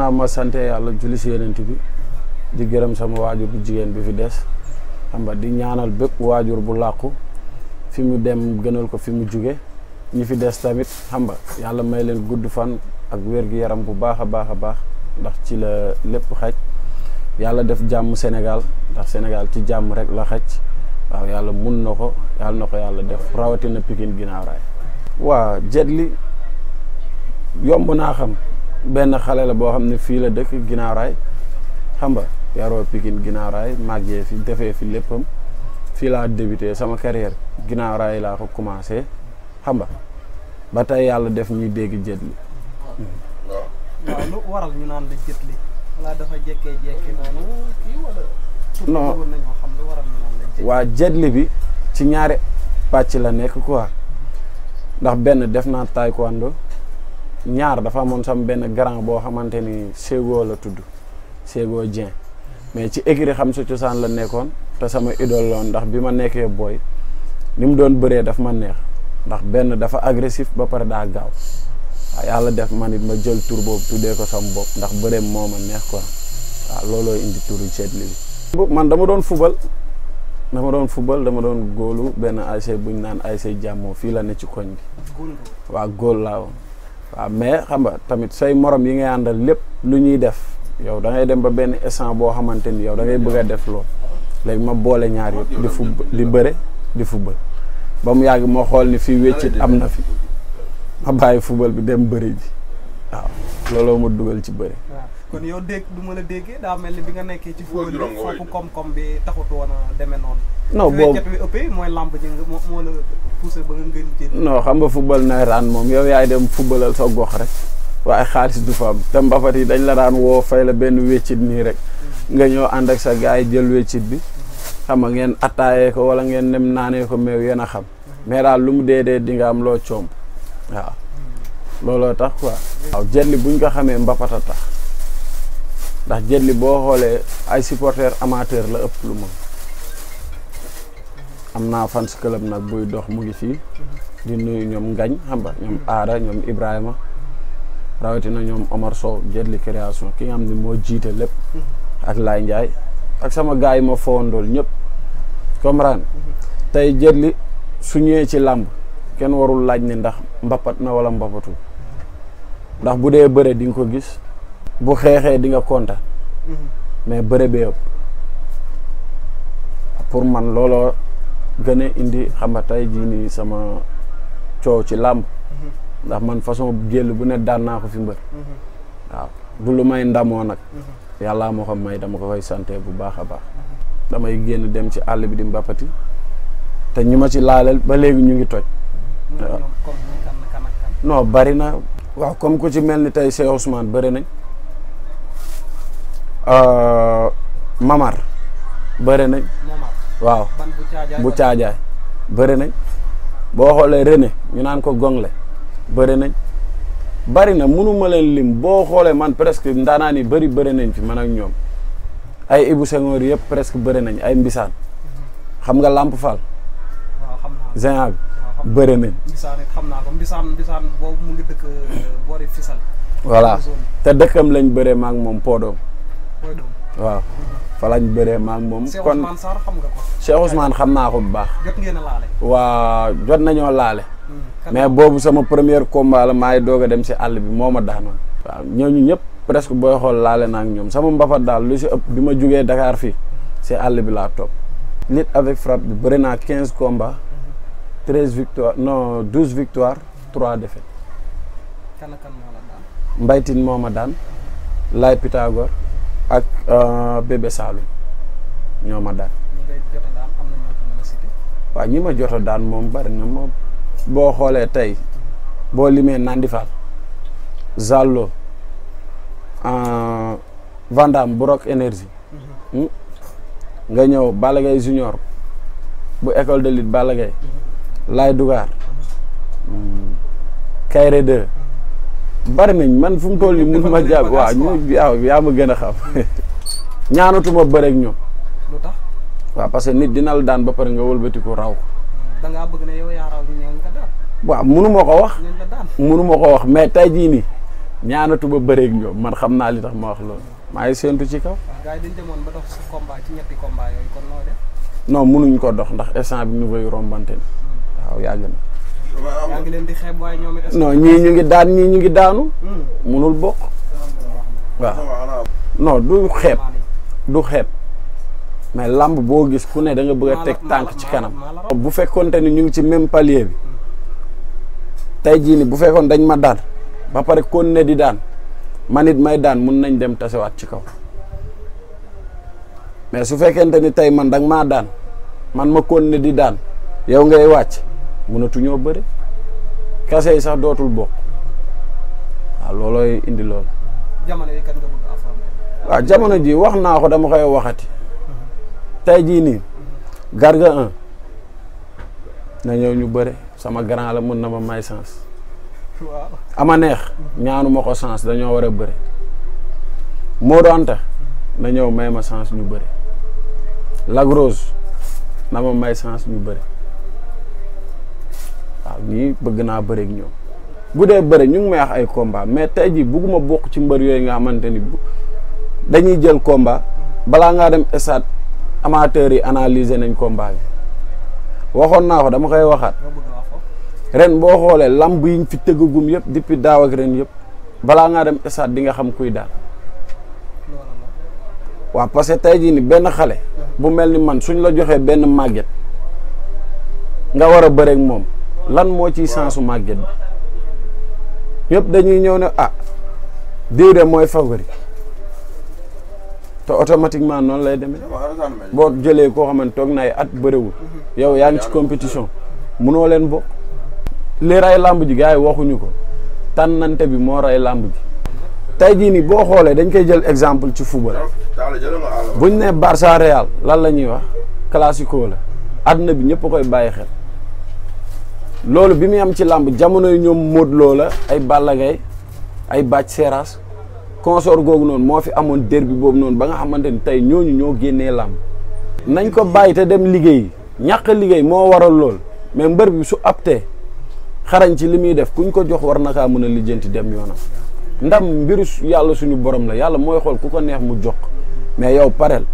gannaaw ma sante yàlla julli si yenent bi di gërëm sama waajur bu jigéen bi fi des xam nga di ñaanal bépp waajur bu làqu fi mu dem gënal ko fi mu jóge ñi fi des tamit xam nga yàlla may leen gudd fan ak wér-gi-yaram bu baax a baax a baax ndax ci la lépp xaj yàlla def jàmm Sénégal ndax Sénégal ci jàmm rek la xaj waaw yàlla mun na ko yàlla na ko yàlla def rawatina Pikine ginnaaw raay waa Jet yomb naa xam benn xale la boo xam ne fii la dëkk ginaaraay xam nga yaroo Pikine ginaaraay màggee fi defee fi léppam fii laa débuté sama carrière ginaaraay laa ko commencé xam nga ba tey yàlla def ñuy dégg Jet Li. naan la Jet Li wala dafa jékkee waa Jet bi ci ñaari pàcc la nekk quoi ndax benn def naa taekwondo. ñaar dafa amoon sama benn grand boo xamante ni Ségo la tudd Ségo Dieng mais ci écrit xam sa cosaan la nekkoon te sama idole loon ndax bi ma nekkee booy ni mu doon bëree daf ma neex ndax benn dafa agressif ba pare daa gaaw yàlla def man it ma jël tur boobu tuddee ko sama bopp ndax bëree moo ma neex quoi waaw looloo indi tur Jet Li bi man dama doon fubal dama doon football dama doon góolu benn ASC bu ñu naan ASC jàmmoo fii la ne ci koñ bi. waa góol laa waaw ah, mais xam nga tamit say morom yi ngay àndal lépp lu ñuy def yow da ngay dem ba benn instant boo xamante ni yow da ngay bëgg def loolu léegi ma boole ñaar yëpp di fu di bëre di football ba mu yàgg ma xool ni fi wéccit am na fi ma bàyyi football bi dem bëri ji waaw looloo ma dugal ci bëri. kon yow dégg du ma la déggee daa mel ni bi nga nekkee ci football bi foofu koom boobu poussé ba nga gën non xam nga moom yow yaay dem footballal sa gox rek waaye xaalis du fa am te mbapat yi dañ la daan woo fay la benn weccit nii rek nga ñëw ànd ak sa gaa yi jël weccit bi xam nga ngeen attaayee ko wala ngeen nem naanee ko meew yéen a xam mais daal lu mu dee dee dinga am loo coom waaw looloo tax quoi. waaw Jet Li buñ ko xamee mbapat a tax ndax Jet Li boo xoolee ay supporters amateur la ëpp lu ma am naa fans club nag buy dox mu ngi fii di nuyu ñoom ngañ xam ñoom aada ñoom ibrahima rawatina ñoom omar sow jetli création ki nga xam ne moo jiite lépp ak laay njaay ak sama gars yi ma foondool ñëpp comprendre tey jetli su ñëwee ci làmb kenn warul laaj ni ndax mbappat na wala mbapatul ndax bu dee bëre di nga ko gis bu xeexee di nga konta mhm. mais bëre bee ëpp pour man looloo gën a indi xam nga tey jii nii sama coow ci làmb mhm. ndax man façon jël bu ne daan naa ko fi mbër mhm. waaw du lu may ndamoo nag mhm. yàllaa moo xam may dama ko koy sante bu baax a baax damay génn dem ci àll bi di mbàppati te ñi ma ci laaleel ba léegi ñu ngi toj no bari na waaw comme ku ci mel ni tey Cheikh Ousmane bëri nañ euh, Mamar bëri nañ waaw bu caajaay bëri nañ boo xoolee René ñu naan ko gongle bëri nañ bëri na mënuma leen lim boo xoolee man presque ndaanaan yi bëri bëri nañ fi man ak ñoom ay Ibou Senghor yëpp presque bëri nañ ay mbisaan xam nga Lamp Fall géant bi bëri nañ euh, voilà te dëkkam lañ bëree maak moom Podom waaw fa lañ bëree ma ak moom. kon Cheikh Ousmane xam naa ko bu baax. jot waa jot nañoo laale. Hmm, mais boobu sama premier combat la maay doog a dem si àll bi moo ma daanoon. waaw ñooñu ñëpp presque booy xool laale naa ñoom sama mbapat daal lu si ëpp bi ma jugee Dakar fii si àll bi laa topp. nit avec frappe bi bëri naa quinze komba treize victoire non douze victoire trois défaites. kan kan moo la Mbaytin moo ma daan. Laay Pythagore. ak euh, bébé Saloum ñoo ma daan. waaw ñi ma joto a daan moom bari na moom boo xoolee tey boo limee Nandi Fall Zallo euh, Vandam Brock Energy mhm. hmm, nga ñëw Balla junior bu école de lutte Balla Gaye mhm. Laye Dougar mhm. hmm, bari nañ man fu mu toll nii mun ma jàpp waaw ñu yaa ma gën a xam ñaanatuma bëre ak ñoom. lu tax waaw parce que nit dina la daan ba pare nga wëlbati ko raw. Hmm, da ngaa bëgg ne yow yaa raw ñu ñëw nga waaw munu ma ko wax. munu ma ko wax mais tey jii nii ñaanatuma bëre ak ñoom man xam naa li tax ma wax loolu maa ngi séentu ci kaw. Ah, gars yi demoon ba dox ci ci ñetti combat yooyu kon noo def. non munuñ ko dox ndax instant bi ñu koy rombante ni hmm. waaw yàgg na. yaa ngi leen di xeeb waaye ñoom it non ñii ñu ngi daan ñii ñu ngi daanu. Hmm. munul bokk. waaw non du xeeb du xeeb mais làmb boo gis ku ne da nga bëgg a teg tànk ci kanam. bu fekkonte ni ñu ngi ci même palier bi tey jii ni bu fekkoon dañ ma daan ba pare kon ne di daan man it may daan mun nañ dem tasewaat ci kaw mais su fekkente ni tey man danga maa daan man ma kon ne di daan yow ngay wàcc. mënatuñoo bëri kase yi sax dootul bokk waaw loolooy indi lool. jamono yi kan waaw jamono ji wax naa ko dama koy waxati tey jii nii Garga 1 na ñëw ñu bëre sama grand la mën na ma may sens. waaw ama neex ñaanu ma ko sens dañoo war a bëri moo doon tax na ñëw may ma sens ñu bëri Lac na ma may sens ñu bëri. ñii bëgg naa bëri ak bu dee bëri ñu ngi may wax ay combat mais tey jii bugguma bokk ci mbër yooyu nga xamante ni dañuy jël komba balaa ngaa dem stade amateurs yi analyser nañ combat bi waxoon naa ko dama koy waxaat ren boo xoolee lamb yiñ fi tëggagum yëpp depuis daaw ak ren yëpp balaa ngaa dem stade di nga xam kuy daal waaw parce que tey jii ni benn xale hmm. bu mel ni man suñ la joxee benn màgget nga war a bëreek moom lan moo ciy sensu màgget bi ñëpp dañuy ñëw ne ah diw de mooy favori te automatiquement noonu lay deme boo jëlee koo xamante toog na at bëriwul yow yaa ngi ci compétition munoo leen bokk li ray làmb ji gars yi waxuñu ko tànnante bi moo ray làmb ji tey jii nii boo xoolee dañ koy jël exemple ci football buñ ne Barça Real lan la ñuy wax classico la àdduna bi ñëpp koy bàyyi xel loolu bi muy am ci làmb jamono yi ñoom Modou Lo la ay Balla Gaye ay Bac Seras consort googu noonu moo fi amoon bi boobu noonu ba nga xamante ni tey ñooñu ñoo génnee làmb nañ ko bàyyi te dem liggéey ñàq liggéey moo waral lool mais mbër bi su aptee xarañ ci li muy def ku kuñ ko jox war na kaa mën a lijjanti dem yoonam ndam mbir yàlla suñu borom la yàlla mooy xool ku ko neex mu jox mais yow pareel